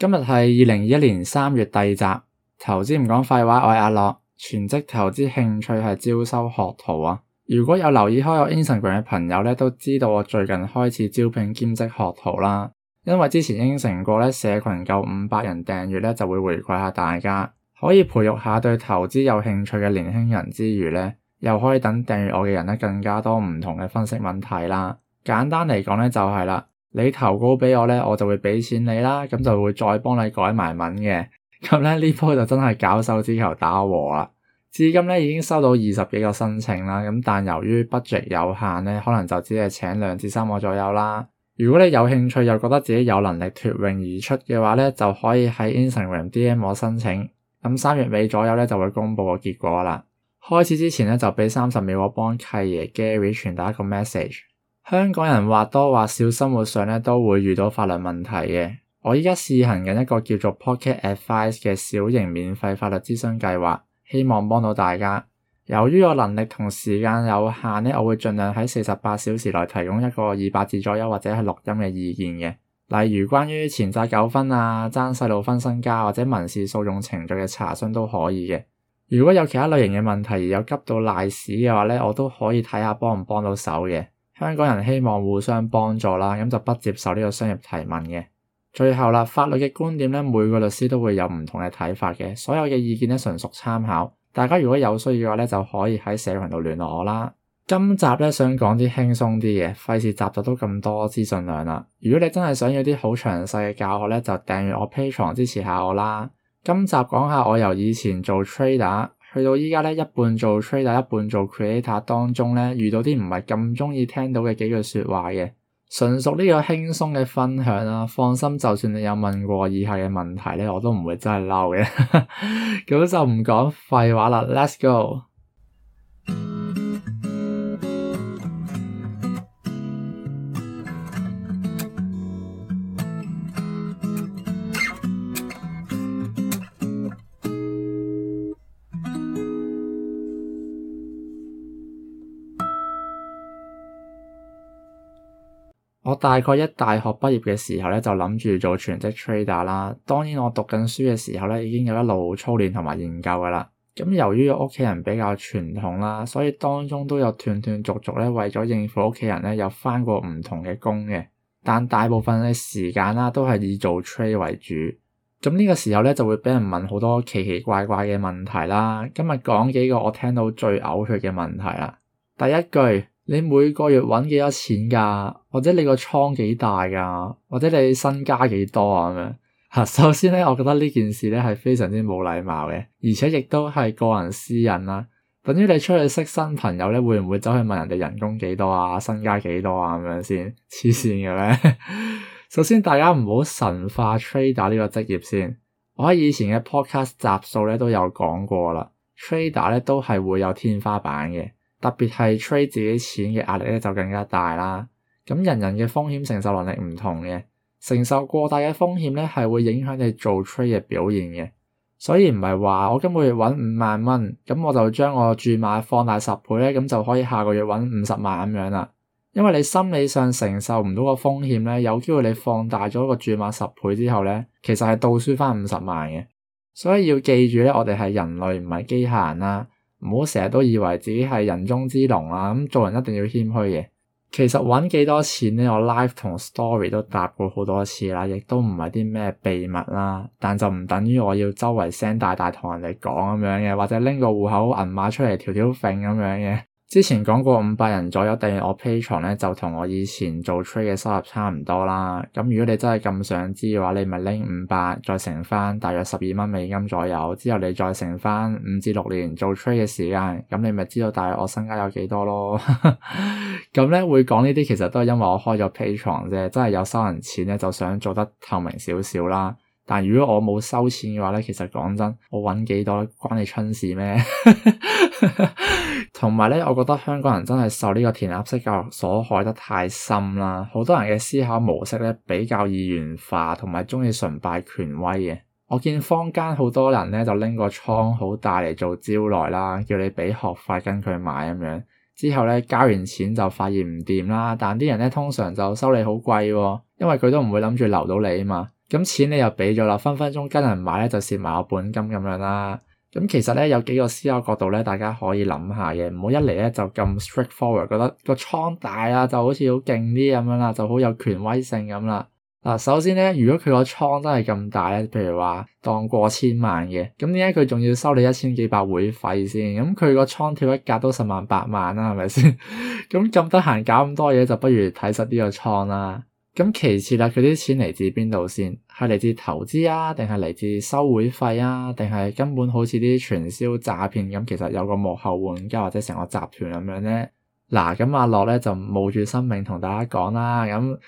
今日係二零二一年三月第二集，投資唔講廢話，我係阿樂，全職投資興趣係招收學徒啊！如果有留意開我 Instagram 嘅朋友咧，都知道我最近開始招聘兼職學徒啦。因為之前應承過呢，社群夠五百人訂閱呢，就會回饋下大家，可以培育下對投資有興趣嘅年輕人之餘呢，又可以等訂閱我嘅人呢，更加多唔同嘅分析問題啦。簡單嚟講呢，就係啦。你投稿畀我咧，我就會畀錢你啦，咁就會再幫你改埋文嘅。咁咧呢波就真係搞手指球打和啦。至今咧已經收到二十幾個申請啦，咁但由於 budget 有限咧，可能就只係請兩至三個左右啦。如果你有興趣又覺得自己有能力脫穎而出嘅話咧，就可以喺 Instagram DM 我申請。咁三月尾左右咧就會公布個結果啦。開始之前咧就畀三十秒我幫契爺 Gary 傳達一個 message。香港人或多或少生活上咧都會遇到法律問題嘅。我依家試行緊一個叫做 Pocket Advice 嘅小型免費法律諮詢計劃，希望幫到大家。由於我能力同時間有限咧，我會盡量喺四十八小時內提供一個二百字左右或者係錄音嘅意見嘅。例如關於前債糾紛啊、爭細路分身家或者民事訴訟程序嘅查詢都可以嘅。如果有其他類型嘅問題而有急到賴屎嘅話咧，我都可以睇下幫唔幫到手嘅。香港人希望互相幫助啦，咁就不接受呢個商業提問嘅。最後啦，法律嘅觀點咧，每個律師都會有唔同嘅睇法嘅，所有嘅意見咧純屬參考。大家如果有需要嘅話咧，就可以喺社群度聯絡我啦。今集咧想講啲輕鬆啲嘅，費事集集都咁多資訊量啦。如果你真係想要啲好詳細嘅教學咧，就訂閱我 Patreon 支持下我啦。今集講下我由以前做 trader。去到依家咧，一半做 trader，一半做 creator 當中咧，遇到啲唔係咁中意聽到嘅幾句說話嘅，純屬呢個輕鬆嘅分享啦，啊。放心，就算你有問過以下嘅問題咧，我都唔會真係嬲嘅。咁 就唔講廢話啦，Let's go。我大概一大學畢業嘅時候咧，就諗住做全職 trader 啦。當然，我讀緊書嘅時候咧，已經有一路操練同埋研究噶啦。咁由於屋企人比較傳統啦，所以當中都有斷斷續續咧，為咗應付屋企人咧，有翻過唔同嘅工嘅。但大部分嘅時間啦，都係以做 trader 為主。咁呢個時候咧，就會俾人問好多奇奇怪怪嘅問題啦。今日講幾個我聽到最嘔血嘅問題啦。第一句。你每個月揾幾多錢㗎、啊？或者你個倉幾大㗎、啊？或者你身家幾多啊？咁首先咧，我覺得呢件事咧係非常之冇禮貌嘅，而且亦都係個人私隱啦、啊。等於你出去識新朋友咧，會唔會走去問人哋人工幾多啊、身家幾多啊咁樣先？黐線嘅咩？ 首先大家唔好神化 trader 呢個職業先。我喺以前嘅 podcast 集數咧都有講過啦，trader 咧都係會有天花板嘅。特別係 trade 自己的錢嘅壓力咧就更加大啦。咁人人嘅風險承受能力唔同嘅，承受過大嘅風險咧係會影響你做 trade 嘅表現嘅。所以唔係話我今個月揾五萬蚊，咁我就將我注碼放大十倍咧，咁就可以下個月揾五十萬咁樣啦。因為你心理上承受唔到個風險咧，有機會你放大咗個注碼十倍之後咧，其實係倒輸返五十萬嘅。所以要記住咧，我哋係人類唔係機械人啦。唔好成日都以為自己係人中之龍啊，咁做人一定要謙虛嘅。其實揾幾多錢呢，我 life 同 story 都答過好多次啦，亦都唔係啲咩祕密啦。但就唔等於我要周圍聲大大同人哋講咁樣嘅，或者拎個戶口銀碼出嚟條條揈咁樣嘅。之前講過五百人左右，定我 Patreon 咧，就同我以前做 trade 嘅收入差唔多啦。咁如果你真係咁想知嘅話，你咪拎五百再乘翻大約十二蚊美金左右，之後你再乘翻五至六年做 trade 嘅時間，咁你咪知道大約我身家有幾多咯。咁 咧會講呢啲，其實都係因為我開咗 Patreon 啫，真係有收人錢咧，就想做得透明少少啦。但如果我冇收錢嘅話咧，其實講真，我揾幾多關你春事咩？同埋咧，我覺得香港人真係受呢個填鴨式教育所害得太深啦。好多人嘅思考模式咧，比較二元化，同埋中意崇拜權威嘅。我見坊間好多人咧就拎個倉好大嚟做招來啦，叫你畀學費跟佢買咁樣。之後咧，交完錢就發現唔掂啦，但啲人咧通常就收你好貴喎，啊，因為佢都唔會諗住留到你啊嘛。咁錢你又畀咗啦，分分鐘跟人買咧就蝕埋我本金咁樣啦。咁其實咧有幾個思考角度咧，大家可以諗下嘅，唔好一嚟咧就咁 straightforward 覺得個倉大啊，就好似好勁啲咁樣啦，就好有權威性咁啦。嗱、啊，首先咧，如果佢個倉真係咁大咧，譬如話當過千萬嘅，咁點解佢仲要收你一千幾百會費先？咁佢個倉跳一格都十萬八萬啦，係咪先？咁咁得閒搞咁多嘢，就不如睇實呢個倉啦。咁其次啦，佢啲錢嚟自邊度先？係嚟自投資啊，定係嚟自收會費啊？定係根本好似啲傳銷詐騙咁，其實有個幕後玩家或者成個集團咁樣咧？嗱，咁阿樂咧就冒住生命同大家講啦。咁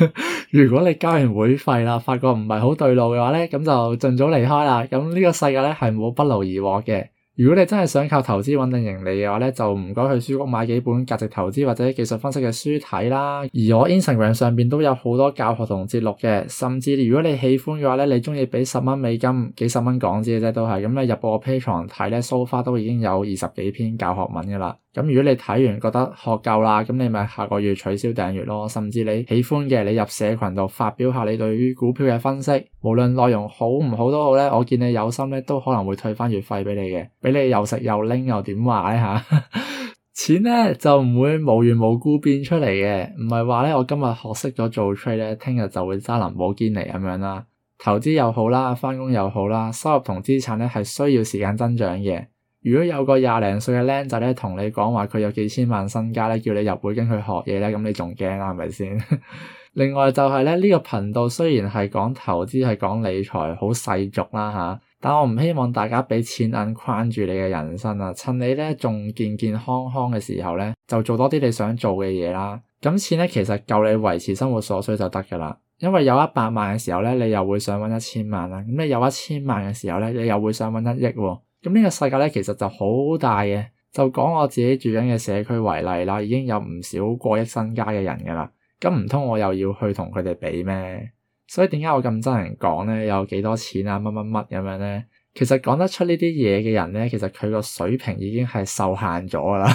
如果你交完會費啦，發覺唔係好對路嘅話咧，咁就盡早離開啦。咁呢個世界咧係冇不勞而獲嘅。如果你真係想靠投資穩定盈利嘅話咧，就唔該去書屋買幾本價值投資或者技術分析嘅書睇啦。而我 Instagram 上邊都有好多教學同節錄嘅，甚至如果你喜歡嘅話咧，你鍾意畀十蚊美金、幾十蚊港紙嘅啫都係。咁你入我 Patreon 睇咧，so far 都已經有二十幾篇教學文㗎喇。咁如果你睇完覺得學夠啦，咁你咪下個月取消訂閱咯。甚至你喜歡嘅，你入社群度發表下你對於股票嘅分析，無論內容好唔好都好咧，我見你有心咧，都可能會退翻月費俾你嘅，俾你又食又拎又點話咧吓？ 錢咧就唔會無緣無故變出嚟嘅，唔係話咧我今日學識咗做 trade 咧，聽日就會揸林寶堅尼咁樣啦。投資又好啦，翻工又好啦，收入同資產咧係需要時間增長嘅。如果有個廿零歲嘅僆仔咧，同你講話佢有幾千萬身家咧，叫你入會跟佢學嘢咧，咁你仲驚啊？係咪先？ 另外就係、是、咧，呢、呢個頻道雖然係講投資，係講理財，好世俗啦吓，但我唔希望大家畀錢銀框住你嘅人生啊！趁你咧仲健健康康嘅時候咧，就做多啲你想做嘅嘢啦。咁錢咧，其實夠你維持生活所需就得噶啦。因為有一百萬嘅時候咧，你又會想搵一千萬啦。咁你有一千萬嘅時候咧，你又會想搵一億喎。咁呢個世界咧，其實就好大嘅。就講我自己住緊嘅社區為例啦，已經有唔少過億身家嘅人噶啦。咁唔通我又要去同佢哋比咩？所以點解我咁憎人講咧？有幾多錢啊？乜乜乜咁樣咧？其實講得出呢啲嘢嘅人咧，其實佢個水平已經係受限咗啦。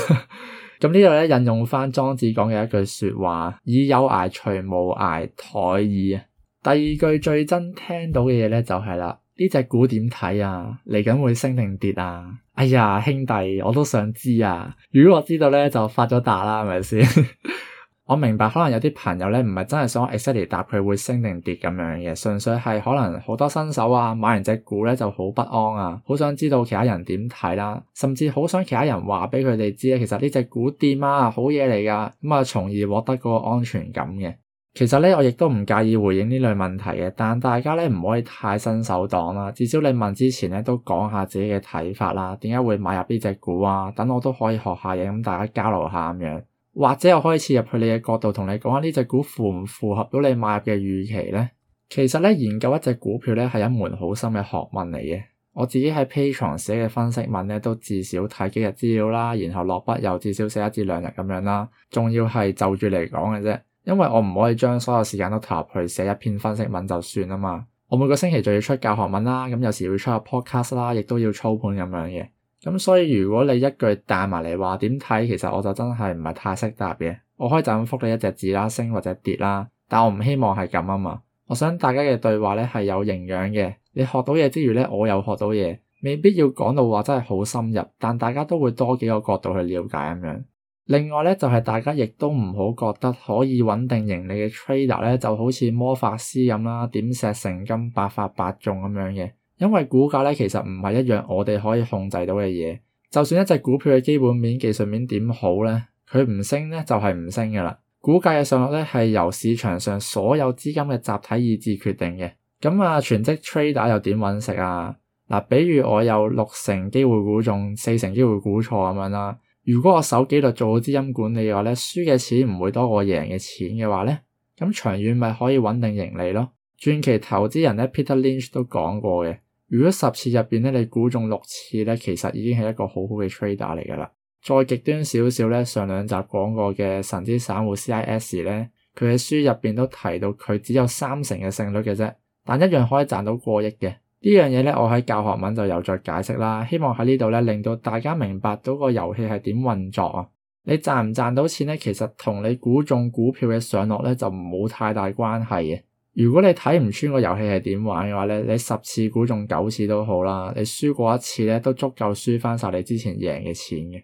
咁呢度咧，引用翻莊子講嘅一句説話：以有涯隨無涯，殆矣。第二句最憎聽到嘅嘢咧，就係啦。呢隻股點睇啊？嚟緊會升定跌啊？哎呀，兄弟，我都想知啊！如果我知道咧，就發咗達啦，係咪先？ 我明白，可能有啲朋友咧，唔係真係想我 exactly 答佢會升定跌咁樣嘅，純粹係可能好多新手啊，買完隻股咧就好不安啊，好想知道其他人點睇啦，甚至好想其他人話畀佢哋知咧，其實呢隻股掂啊，好嘢嚟噶，咁啊，從而獲得嗰個安全感嘅。其實咧，我亦都唔介意回應呢類問題嘅，但大家咧，唔可以太新手黨啦。至少你問之前咧，都講下自己嘅睇法啦。點解會買入呢隻股啊？等我都可以學下嘢，咁大家交流下咁樣，或者我可以切入去你嘅角度，同你講下呢隻股符唔符合到你買入嘅預期咧？其實咧，研究一隻股票咧係一門好深嘅學問嚟嘅。我自己喺 Patreon 寫嘅分析文咧，都至少睇幾日資料啦，然後落筆又至少寫一至兩日咁樣啦，仲要係就住嚟講嘅啫。因為我唔可以將所有時間都投入去寫一篇分析文就算啊嘛，我每個星期就要出教學文啦，咁有時會出下 podcast 啦，亦都要操盤咁樣嘅。咁所以如果你一句帶埋嚟話點睇，其實我就真係唔係太識答嘅。我可以就咁覆你一隻字啦，升或者跌啦，但我唔希望係咁啊嘛。我想大家嘅對話咧係有營養嘅，你學到嘢之餘咧，我又學到嘢，未必要講到話真係好深入，但大家都會多幾個角度去了解咁樣。另外咧，就係大家亦都唔好覺得可以穩定盈利嘅 trader 咧，就好似魔法師咁啦，點石成金，百發百中咁樣嘅。因為股價咧，其實唔係一樣我哋可以控制到嘅嘢。就算一隻股票嘅基本面、技術面點好咧，佢唔升咧就係唔升㗎啦。股價嘅上落咧係由市場上所有資金嘅集體意志決定嘅。咁啊，全職 trader 又點揾食啊？嗱，比如我有六成機會估中，四成機會估錯咁樣啦。如果我守紀律做好資金管理嘅話咧，輸嘅錢唔會多過贏嘅錢嘅話咧，咁長遠咪可以穩定盈利咯。傳奇投資人咧 Peter Lynch 都講過嘅，如果十次入邊咧你估中六次咧，其實已經係一個好好嘅 trader 嚟噶啦。再極端少少咧，上兩集講過嘅神之散戶 CIS 咧，佢喺書入邊都提到佢只有三成嘅勝率嘅啫，但一樣可以賺到過億嘅。呢樣嘢咧，我喺教學文就有再解釋啦。希望喺呢度咧，令到大家明白到個遊戲係點運作啊。你賺唔賺到錢咧，其實同你估中股票嘅上落咧就冇太大關係嘅。如果你睇唔穿個遊戲係點玩嘅話咧，你十次估中九次都好啦，你輸過一次咧都足夠輸翻晒你之前贏嘅錢嘅。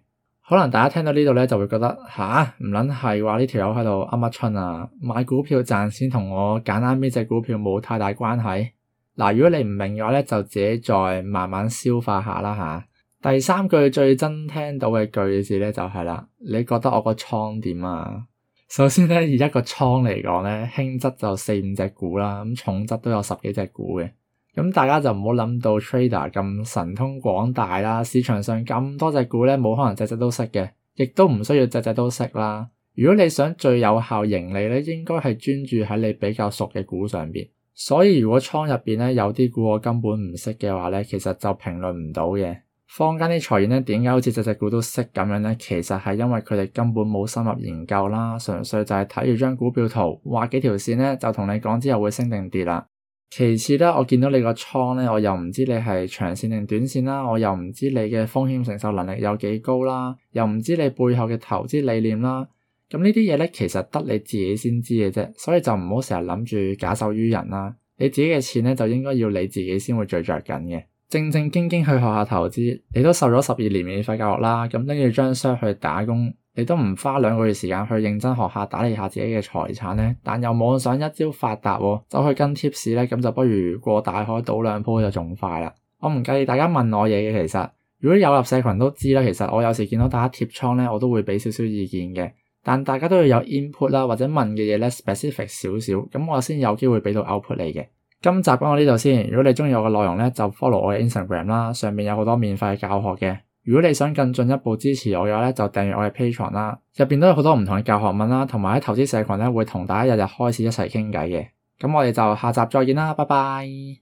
可能大家聽到呢度咧，就會覺得吓唔捻係嘅話，呢條友喺度噏乜春啊，買股票賺錢同我揀啱呢隻股票冇太大關係。嗱，如果你唔明嘅話咧，就自己再慢慢消化下啦吓。第三句最憎聽到嘅句子咧就係啦，你覺得我個倉點啊？首先咧，以一個倉嚟講咧，輕則就四五隻股啦，咁重則都有十幾隻股嘅。咁大家就唔好諗到 trader 咁神通廣大啦。市場上咁多隻股咧，冇可能隻隻都識嘅，亦都唔需要隻隻都識啦。如果你想最有效盈利咧，應該係專注喺你比較熟嘅股上邊。所以如果倉入邊咧有啲股我根本唔識嘅話咧，其實就評論唔到嘅。坊間啲財演咧，點解好似隻只股都識咁樣咧？其實係因為佢哋根本冇深入研究啦，純粹就係睇住張股票圖畫幾條線咧，就同你講之後會升定跌啦。其次咧，我見到你個倉咧，我又唔知你係長線定短線啦，我又唔知你嘅風險承受能力有幾高啦，又唔知你背後嘅投資理念啦。咁呢啲嘢咧，其實得你自己先知嘅啫，所以就唔好成日諗住假手於人啦。你自己嘅錢咧，就應該要你自己先會最着緊嘅。正正經經去學校投資，你都受咗十二年免費教育啦。咁拎住張箱去打工，你都唔花兩個月時間去認真學下打理下自己嘅財產咧，但又妄想一朝發達喎、啊，走去跟 tips 咧，咁就不如過大海賭兩鋪就仲快啦。我唔介意大家問我嘢嘅，其實如果有入社群都知啦。其實我有時見到大家貼倉咧，我都會俾少少意見嘅。但大家都要有 input 啦，或者問嘅嘢咧 specific 少少，咁我先有機會畀到 output 你嘅。今集講到呢度先，如果你中意我嘅內容咧，就 follow 我嘅 Instagram 啦，上面有好多免費教學嘅。如果你想更進一步支持我嘅咧，就訂閱我嘅 Patreon 啦，入邊都有好多唔同嘅教學文啦，同埋喺投資社群咧會同大家日日開市一齊傾偈嘅。咁我哋就下集再見啦，拜拜。